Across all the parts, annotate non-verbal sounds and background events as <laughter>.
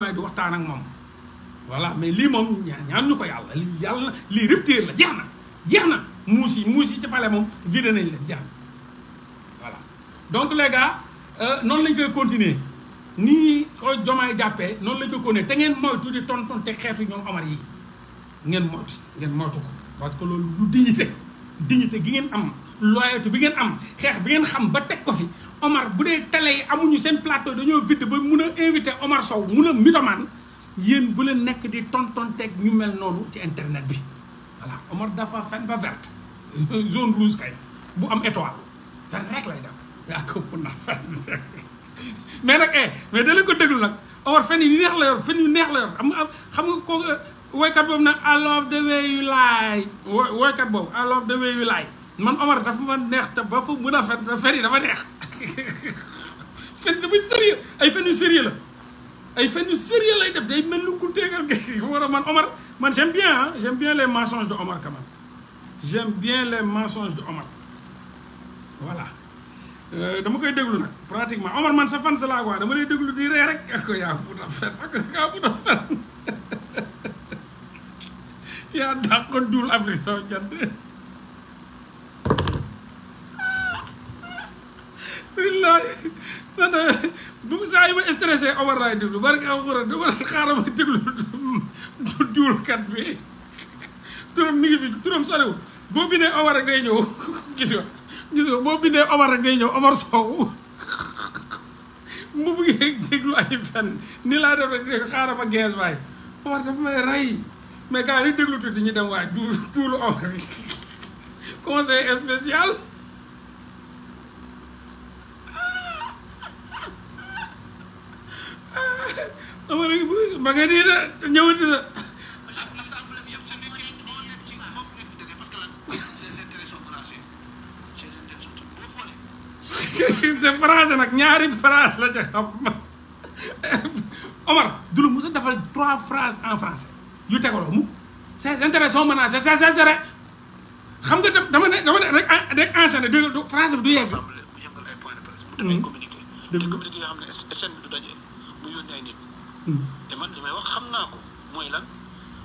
waaye du waxtaan ak moom voilà mais lii moom ñaan ñu ko yàlla lii yàlla lii rupture la jeex na jeex na muus yi muus yi ci palais moom vidé nañ leen jeex na voilà donc les euh, noonu lañ koy continuer nii ko jomaay jàppee noonu lañ koy continuer te ngeen moytu di tontonte xeetu ñoom Omar yi ngeen moytu ngeen moytu ko parce que loolu lu dignité dignité gi ngeen am loyauté bi ngeen am xeex bi ngeen xam ba teg ko fi Omar bu dee télé yi amuñu seen plateau dañoo vidde ba mun a invité Omar Sow mun a mythomane yéen bu leen nekk di tontonteeg ñu mel noonu ci internet bi voilà Omar dafa fen ba verte <laughs> zone rouge kay bu am étoile fen rek lay def <laughs> mais nag eh mais nag Omar fen yi neex la yor fen yu neex la yor am xam nga ko woykat boobu nag I love the way you lie woykat boobu I love the way you lie man Omar dafa ma neex te ba fa mën a fen fen dafa neex <laughs> fen dafa sérieux ay fen yu sérieux la ay fen yu sérieux lay def day mel ni ku tegal gi war <laughs> a man Omar man j'aime bien ah j'aime bien les mensonges de Omar quand même bien les mensonges de Omar voilà euh, dama koy déglu nag pratiquement Omar man sa fan sa laa quoi dama lay déglu di ree rek ak <laughs> yaa bu a fen ak yaa bu a fen yaa ndax duul Afrique soo jant wallaahi man saa yi ma stressé Omar laay déglu barke alxuraan dama xaaral ma déglu duulkat bi turam mi ngi fi turam soriwul boo bindee Omar rek day ñëw gis nga gis nga boo mu bëggee déglu ay fen ni laa def rek xaaral ma gees waay Omar dafa may rey mais gars yi déglu tuuti ñu dem waaye du tuulu or conseil spécial amara ma nga nii de ñëwati <laughs> nag ñaari phrase la ca xam Omar du lu mos a trois phrases en français yu tegaloo mu ses intérêts sont menacés ses intérêts xam nga dama ne dama ne rek rek enchaîné du français bi du yegg sax. dafay du daje mu yónni ay nit. Hmm. te man li may wax xam naa ko mooy lan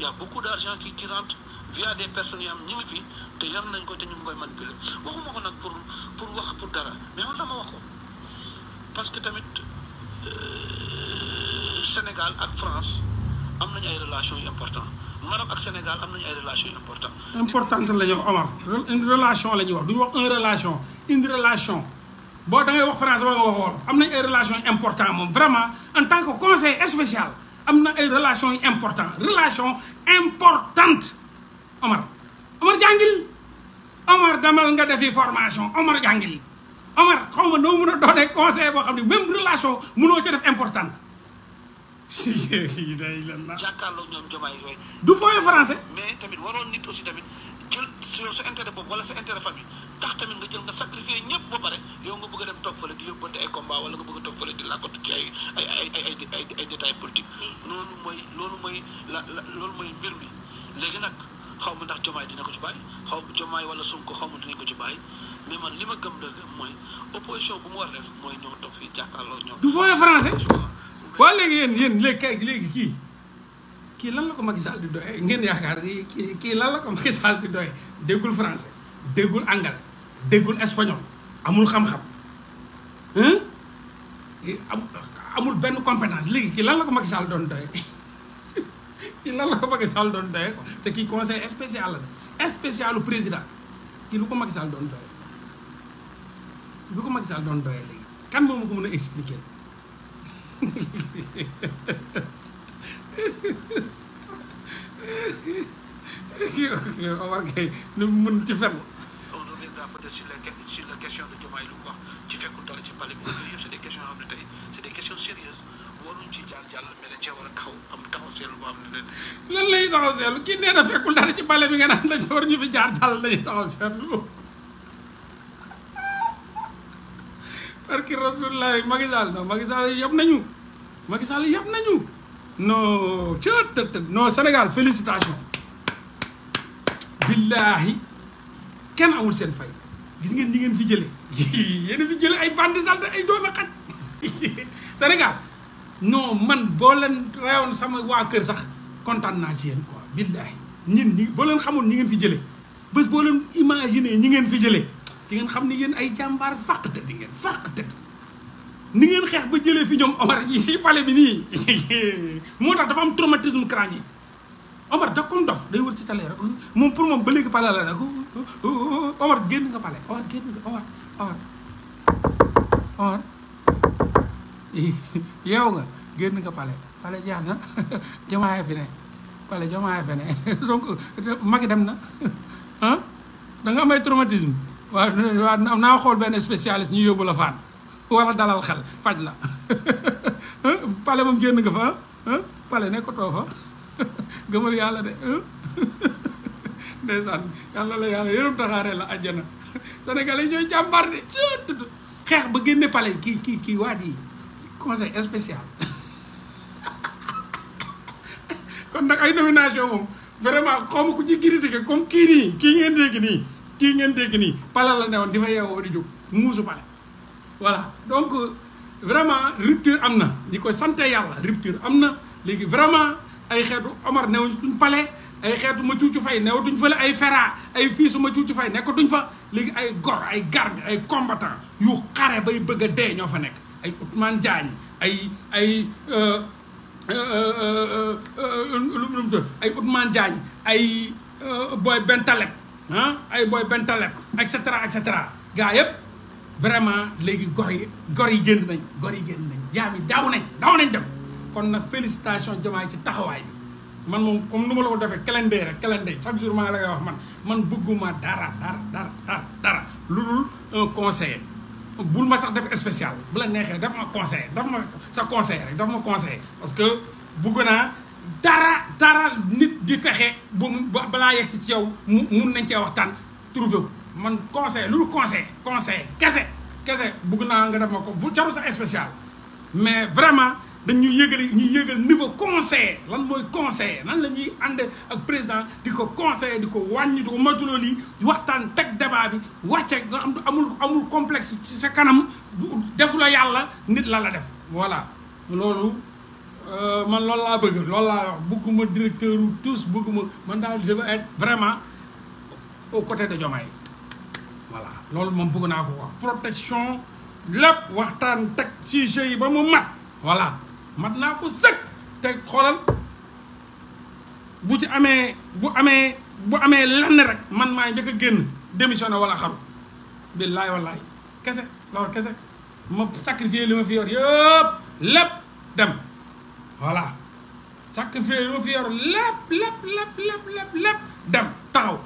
y' a beaucoup d' argent qui qui rentre via des personnes yoo xam ñu ngi fi te yor nañ ko te ñu ngi koy manipuler waxuma ko nag pour pour wax pour dara mais man dama wax ko parce que tamit euh, Sénégal ak France. am nañu ay relation yu important Maroc ak Sénégal am nañu ay relation yu important importante la ñuy wax Omar relation la ñuy wax du ñu wax relation une relation boo da wax français wala nga wax ay relation yu important moom vraiment en tant que conseil espécial am na ay relation yu important relation importante Omar Omar jàngil Omar damal nga defi formation Omar jàngil Omar xaw ma noo mën a doonee conseil boo xam ne même relation mënoo ca def importante jàkkaarloo ñoom jomaay yooyu. du fooyee français. mais tamit waroon nit aussi tamit jël sa intérêt boobu wala sa intérêt yi tax tamit nga jël nga sacrifier ñëpp ba pare yow nga bëgg a dem toog fële di a toog fële di làkkatu ci ay ay ay ay mm. loolu mooy loolu mooy la la loolu mooy mbir mi léegi nag xaw ma ndax jomaay dina ko ci bàyyi xaw jomaay wala ko xaw ma dinañ ko ci bàyyi. mais man li ma gëm rek mooy opposition bu mu war def mooy ñoo toog fii jàkkaarloo ñoom. du fooyee français. waaw léegi yéen yéen léegi kay kii kii lan la ko Macky Sall di doyee ngeen yaakaar kii kii lan la ko Macky Sall di doyee déggul français déggul anglais déggul espagnol amul xam-xam amul benn compétence léegi kii lan la ko Macky Sall doon doyee <laughs> kii lan ko Macky te kii conseil spécial la de spécialu président kii lu ko Macky Sall doon doyee lu ko Macky Sall doon doyee léegi kan moom ko mën a expliquer <laughs> Omar Gueye nu mu ci fen on reviendra peut-être sur les lu mu ci fekkul dara ci palais bi yooyu yëpp c'est des questions ci a taxaw am taxaw seetlu boo xam ne leen lay taxaw seetlu kii nee na fekkul dara ci palais bi nga naan dañ war ñu fi jaar jàll lañu taxaw seetlu parce que Rasulullah nañu Macky Sall yàpp nañu non cët tët non Sénégal félicitation billaahi kenn amul seen fay gis ngeen ñi ngeen fi jële <laughs> yéen fi jële ay bandi salte ay doomi xaj <laughs> Sénégal non man boo leen reyoon sama waa kër sax kontaan naa ci yéen ko billaahi ñin ñi boo leen xamoon ñi ngeen fi jële bés boo leen imaginer ñi ngeen fi jële di ngeen xam ni yéen ay jàmbaar fàq tëdd di ngeen fàq tëdd ni ngeen xeex ba jëlee fi ñoom Omar yi bi nii moo tax dafa am traumatisme crânien Omar da dof day wër ci tale moom pour moom ba léegi pale la rek Omar génn nga pale Omar génn nga Omar Omar Omar pale pale jeex na jamaaya fi ne pale dem na ah da nga amay traumatisme wa waaw naa xool benn spécialiste ñu yóbbu la faan war a dalal xel faj la <laughs> pale moom génn nga fa pale nekkatoo fa <laughs> gëmal yàlla de <laughs> ndeysaan yàlla la yàlla yërëm taxaare la àjjana sénégalais ñooy jàmbar de tudd xeex ba génne pale kii kii kii waaj yi conseil spécial kon nag ay nomination moom vraiment xaw ku ci critiqué comme kii nii kii ngeen dégg nii kii ngeen dégg nii pale la ne woon di fa yeewoo di jóg muusu pale voilà donc euh, vraiment rupture am na ñi koy sante yàlla rupture am na léegi vraiment ay xeetu Omar newuñ palais ay xeetu ma cuucu fay newatuñ fële ay fera ay fii su ma cuucu fay nekkatuñ fa léegi ay gor ay garde ay combattant yu xare bay bëgg dee ñoo fa nekk ay Ousmane Diagne ay ay euh, euh, ay Ousmane Diagne ay Boy Bentaleb ah ay Boy Bentaleb et cetera et cetera gars yëpp vraiment léegi gor yi gor yi génn nañ gor yi génn nañ jaam yi daaw nañ daw nañ dem kon nag félicitation Diomaye ci taxawaay bi man moom comme nu ma la ko defee calendrier rek calendrier chaque jour maa la wax man man bëgguma dara dara dara dara lu dul un conseiller bul ma sax def spécial bu la neexee daf ma conseiller daf ma sa conseiller rek daf ma conseiller parce que bëgg naa dara dara nit di fexe ba balaa yegg si ci yow mu mun nañ cee waxtaan trouvé man conseil lu conseil conseil kese kese bëgg naa nga def moo ko bu jarul sa spécial mais vraiment dañ ñu yëgale ñu yëgal ko conseil lan mooy conseil nan la ñuy ànd ak président di ko conseil di ko wàññi di ko moytuloo lii waxtaan teg débat bi wàcce nga xam ne amul amul complexe ci sa kanam defu la yàlla nit la la def voilà loolu euh, man loolu laa bëgg loolu laa wax bëgguma directeur tous bëgguma man daal je veux être vraiment au côté de Diomaye voilà loolu moom bëgg naa ko wax protection lépp waxtaan teg sujet yi ba mu mat voilà mat naa ko sëkk teg xoolal bu ci amee bu amee bu amee lenn rek man maay njëkk a génn démissionné wala xam billaay wallaay kese loolu kese ma sacrifier li ma fi yor yëpp lépp dem voilà sacrifier li ma fi yor lépp lépp lépp lépp dem taxaw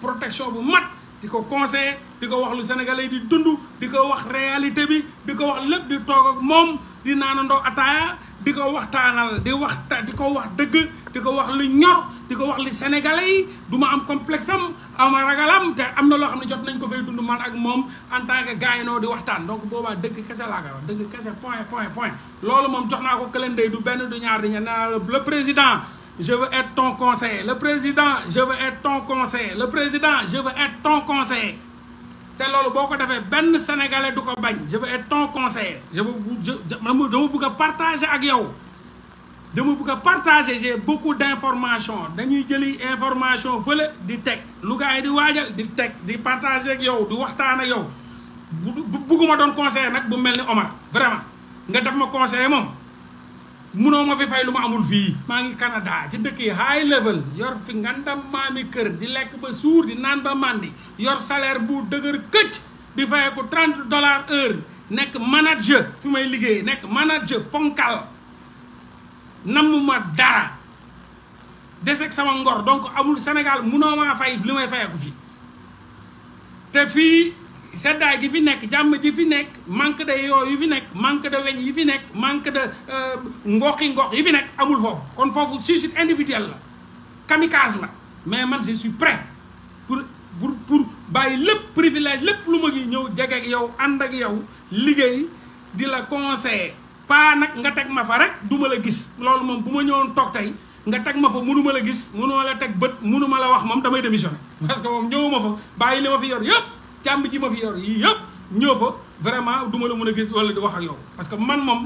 protection bu mat di ko conseillé di ko wax lu sénégalais di dund di ko wax réalité bi di ko wax lépp di toog ak moom di naanandoo ataaya di ko waxtaanal di wax di ko wax dëgg di ko wax lu ñor di ko wax li sénégalais yi du ma am complexe am ama ragalam te am na loo xam ne jot nañ ko fay dund man ak moom en tant que gaayinoo di waxtaan donc boobaa dëgg kese laa koy wax dëgg kese point point point loolu moom jox naa ko calendrier du benn du ñaar di ña la président je veux être ton conseiller le président je veux être ton conseiller le président je veux être ton conseiller te loolu boo ko defee benn sénégalais du ko bañ je veux être ton conseiller je veux dama bëgg a partager ak yow dama bëgg a partager j'ai beaucoup d'informations dañuy jëli information fële di teg lu gars yi di waajal di teg di partager ak yow di waxtaan ak yow bu bugguma doon conseiller nag bu mel ni Omar vraiment nga def ma conseiller moom munoo ma fi fay lu ma amul fii maa ngi Canada ci dëkk yi high level yor fi ngandam maami kër di lekk ba suur di naan ba màndi yor salaire bu dëgër këcc di fayeeku trente dollars heure nekk manager fi may liggéey nekk manager ponkal nammuma dara deseg sama ngor donc amul Sénégal munoo maa fay li may fayeeku fii te fii seddaay gi fi nekk jàmm ji fi nekk manque de yoo yu fi nekk manque de yi fi nekk manque de euh, ngoxi ngox yi fi nekk amul foofu kon foofu suicide individuel la kamikaze la mais man si suis prêt pour pour pour bàyyi lépp privilège lépp lu ma gi ñëw jege ak yow ànd ak yow liggéey di la conseiller pas nag nga teg ma fa rek duma la gis loolu moom bu ma ñëwoon toog tey nga teg ma fa mënuma la gis mënuma la teg bët mënuma la wax moom damay démissionner parce que moom ñëwuma fa bàyyi li ma fi yor yëpp càmb ji ma fi yor yii yëpp ñëw fa vraiment duma la mën a gis wala di wax ak yow parce que man moom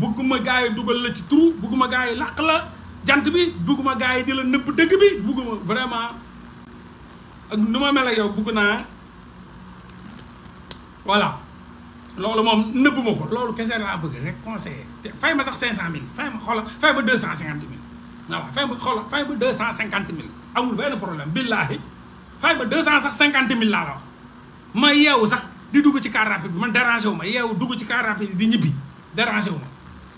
bëgguma gars yi dugal la ci trou bëgguma gaa yi làq la jant bi bëgguma gaa yi di la nëbb dëgg bi bëgguma vraiment ak nu ma mel ak yow bëgg naa voilà loolu moom nëbbu ma ko loolu kese laa bëgg rek conseiller te fay ma sax cinq cent mille fay ma xoola fay ma deux cent cinquante mille fay ma xoola fay ma deux cent cinquante mille amul benn problème billaahi fay ma deux cent sax cinquante mille laa ma yeewu sax di dugg ci car rapide bi man dérangé wu ma yeewu dugg ci car rapide yi di ñibbi dérangé wu ma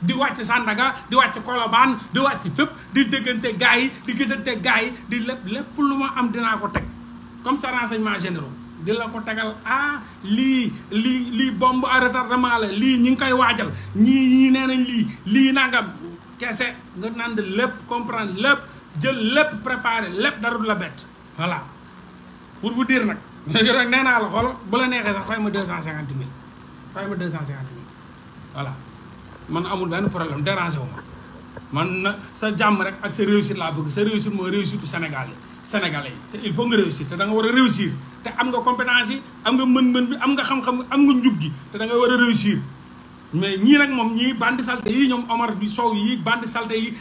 di wàcc Sandaga di wàcc Colobane di wàcc fépp di déggante gars yi di gisante gars yi di lépp lépp lu ma am dinaa ko teg comme ça renseignement généraux di la ko tegal ah lii lii lii bomb à retardement la lii ñi ngi koy waajal ñii ñii nee nañ lii lii nangam kese nga nand lépp comprendre lépp jël lépp préparer lépp dara du la bett voilà pour vous dire nag léegi nag nee naa la xool bu la neexee sax fay ma deux cent cinquante mille fay ma deux cent cinquante mille voilà man amul benn problème dérangé wu ma man na sa jàmm rek ak sa réussite laa bëgg sa réussite mooy réussite Sénégal yi Sénégalais yi te il faut nga réussir te da war a réussir te am nga compétence yi am nga mën-mën bi am nga xam-xam am nga njub gi te da war a réussir mais ñii rek moom ñii bandi salté yi ñoom Omar bi Sow yi bandi salté yi